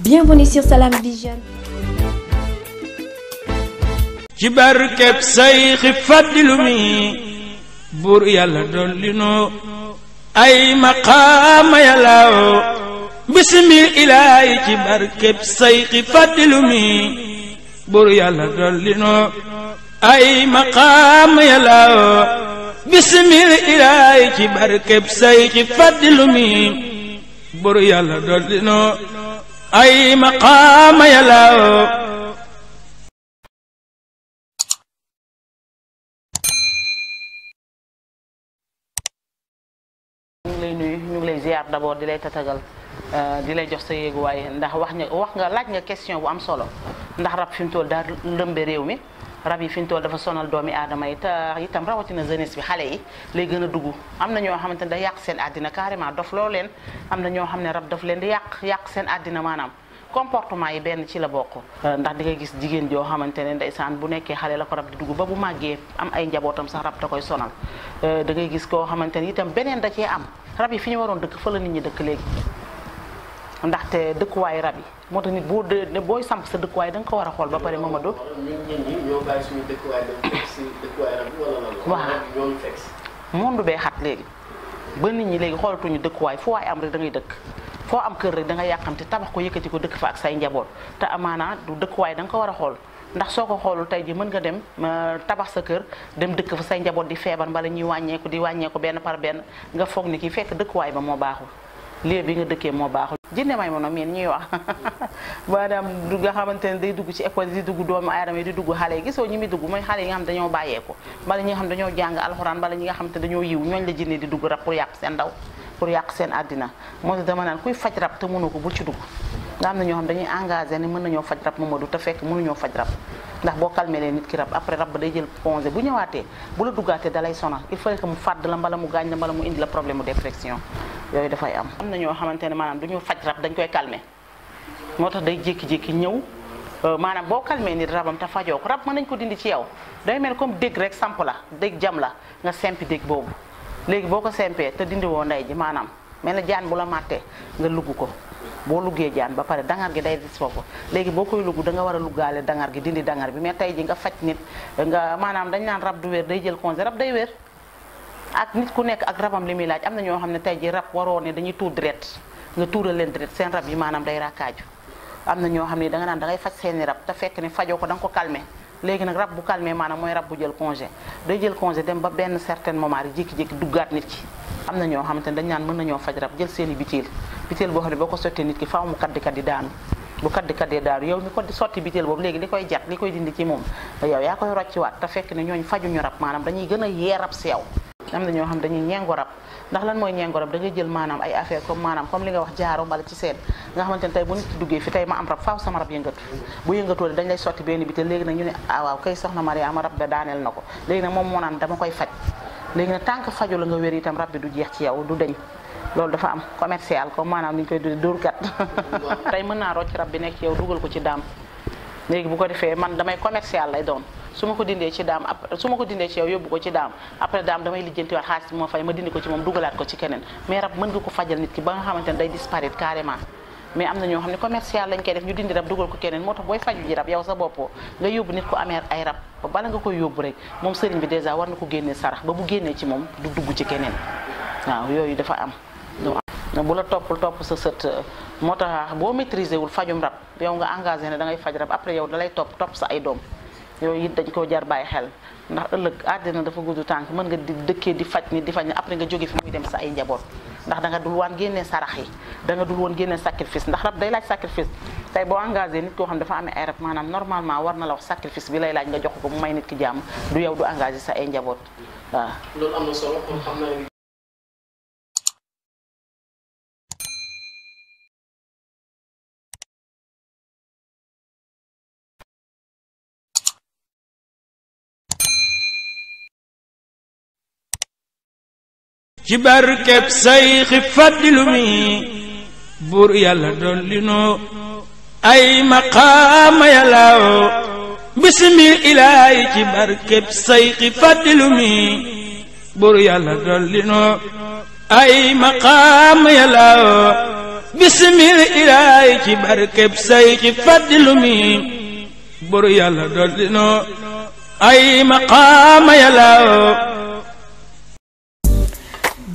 Bienvenue sur Salam Vision. ci yàlla dolli noo ay maqaama yàllaaw bismil ilaahi ci barkeb Sayxi Fadilu mi ay maqaama yàllaaw bismil ilaahi ci barkeb Sayxi Fadilu mi ay maqaama yàlla ñu ngi lay nuyu ñu ngi lay ziar d'abord di lay tatagal Euh, di lay jox sa yéeguwaay ndax wax nga wax nga laaj nga question bu am solo ndax rab fi mu toll daal lëmbe réew mi rab yi fi mu toll dafa sonal doomi aadama yi itam rawatina jeunesse bi xale yi lay gën a dugg am na ñoo xamante ne da yàq seen àddina carrément dof leen am na ñoo xam ne daf leen di yàq yàq seen àddina maanaam comportement yi benn ci la bokk euh, ndax di gis jigéen joo xamante ne ndeysaan bu nekkee xale la ko rab di ba bu màggee am ay njabootam sax rab da koy sonal euh, da gis koo xamante ne itam beneen da cee am rab yi fi ñu waroon dëkk fa nit ñi dëkk léegi ndaxte dëkkuwaay rab yi moo tax nit boo dee booy samp sa dëkkuwaay danga ko war a xool ba pare Mamadou. waaw monde bee xat léegi ba xoolatuñu dëkkuwaay foo waay am rek da ngay dëkk foo am kër rek da nga yàqamte tabax ko yëkkati ko dëkk fa say njaboot te amaana du dëkkuwaay da ko war a xool ndax soo ko xoolul tey ji mën nga dem tabax sa kër dem dëkk fa say njaboot di feebar mbala ñuy wàññeeku di wàññeeku benn par benn nga foog ni kii fekk dëkkuwaay ba moo baaxul lieu bi nga dëkkee moo baaxul jinne may moom yéen ñuy wax maanaam du nga xamante ne day dugg ci école di dugg doom aadama yi di dugg xale yi gisoo ñi muy dugg mooy xale yi nga xam dañoo bàyyeeku bala ñi nga xam dañoo jàng alxuraan bala ñi nga xam te dañoo yiw moo tax dama naan faj rab te mënu ko bul ci dugg nga na ñoo xam dañuy engagé ne mën nañoo faj rab Mamadou te fekk mënuñoo faj rab ndax boo calmé leen nit ki rab après rab ba day jël pongé bu ñëwaatee bu la duggaatee dalay sonal il faut que mu fàdd la mbala mu gaañ la mbala mu indi la problème mu dépression yooyu dafay am. am na ñoo xamante ne maanaam du ñu faj rab dañ koy calmer moo tax day jékki-jékki ñëw euh, maanaam boo calmé nit rabam te fajoo ko rab mën nañ ko dindi ci yow day mel comme dégg rek samp la dégg jam la nga sempi dégg boobu léegi boo ko sempee te dindi woo ndey ji maanaam mel na jaan bu la màttee nga lugg ko boo luggee jaan ba pare dangar gi day dis foofu léegi boo koy lugg da nga war a luggaale dangar gi dindi dangar bi mais tey ji nga faj nit nga maanaam dañ naan rab du wér day jël congé rab day wér ak nit ku nekk ak rabam li laaj am na ñoo xam ne tey ji rab waroo ne dañuy tuur deret nga tuural leen deret seen rab yi maanaam day rakkaaju am na ñoo xam ne da naan da ngay faj seeni rab te ne fajoo ko da ko calmé léegi nag rab bu calmé maanaam mooy rab bu jël congé day jël congé dem ba benn certain moment rek jékki-jékki duggaat ki am na ñoo xamante ne naan mën nañoo faj rab jël seen i bitéel boo xam ne boo ko sottee nit ki faaw mu kaddi kaddi daanu bu kaddi kaddi daanu boobu léegi li koy jat li koy dindi ci moom yow yaa koy rocciwaat te fekk ne ñooñ fajuñu rab maanaam dañuy gën a yee rab seew am na ñoo xam dañuy ñeengu rab ndax lan mooy ñeengu rab da jël maanaam ay affaire comme maanaam comme li nga wax jaaro mbala ci seen nga xamante te tey bu nit ki duggee am rab faaw sama rab yëngatu bu yëngatoo dañ lay bi te léegi nag ñu ne ah waaw kay soxna Mariama a da daaneel na ko léegi nag moom moo naan dama koy faj léegi nag tant que faju la nga wér itam rab bi du jeex ci yow du deñ loolu dafa am commercial comme maanaam ni ñu koy dudee kat tey mën naa rocc rab bi nekk ci yow dugal ko ci daam léegi bu ko defee man damay commercial lay doon su ma ko dindee ci daam ap su ko dindee ci yow yóbbu ko ci daam après daam damay lijjantiwaat xaalis bi ma fay ma dindi ko ci moom dugalaat ko ci keneen mais rab mën nga ko fajal nit ki ba nga xamante ne day disparaître carrément mais am na ñoo xam ne commercial lañ koy def ñu dindi rab dugal ko keneen moo tax booy faju ji rab yow sa bopp nga yóbbu nit ku amee ay rab ba nga koy yóbbu rek moom sëriñ bi dèjà war na ko génnee sarax ba bu génnee ci moom du keneen waaw yooyu dafa am bu la toppul topp sa sët moo tax boo maîtriser wul fajum rab yow nga engagé ne da ngay faj rab après yow dalay topp topp sa ay doom yooyu it dañ koo jar bàyyi xel ndax ëllëg àddina dafa gudd tànk mën nga di dëkkee di faj nit di faj ni après nga jóge fi muy dem sa ay njaboot ndax da nga dul waan génnee sarax yi da nga dul sacrifice ndax rab day laaj sacrifice tey boo engagé nit koo xam dafa amee ay rab maanaam normalement war na la wax sacrifice bi lay laaj nga jox ko mu may nit ki jàmm du yow du engagé sa ay njaboot waaw loolu ci barkeb sayxi faddilu mi buur yàlla dolli noo ay maqaama yàllaaw bisimil ilaahi ci barkeb sayxi faddilu mi buur yàlla dolli noo ay maqaama yàllaaw